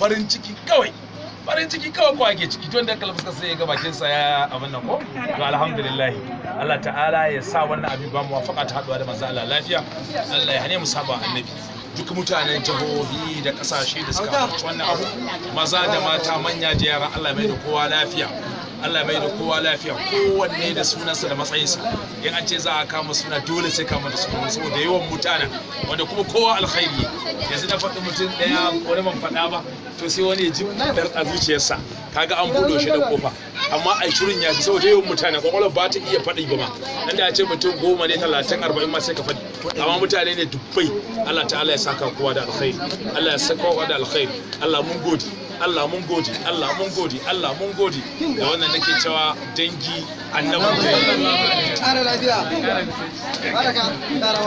farin ciki kawai farin ciki kawai ko ake ciki tun da kalfuska sai ya ga bakin sa ya abin nan ko to alhamdulillah Allah ta'ala ya sa wannan abin ba mu wafaka ta haduwa da manzo Allah lafiya Allah ya hane mu saba annabi duk mutanen jihohi da kasashe da suka wannan abu maza da mata manya da yara Allah mai da kowa lafiya Allah bai da kowa lafiya kowanne da sunansa da matsayinsa in an ce za a kama suna dole sai kama da kuma saboda yawan mutane wanda kuma kowa alkhairi yanzu na faɗi mutum ɗaya wani man faɗa ba to sai wani ya ji a zuciyarsa kaga an buɗe shi da kofa amma a shirin ya fi saboda yawan mutane kwakwalwar ba ta iya faɗi ba ma nan da ce mutum goma ne talatin arba'in ma sai ka faɗi amma mutane ne dubbai Allah ta'ala ya saka kowa da alkhairi Allah ya saka kowa da alkhairi Allah mun gode Allah mun gode Allah mun gode Allah mun gode da wannan nake cewa dangi annabawa. annabin kai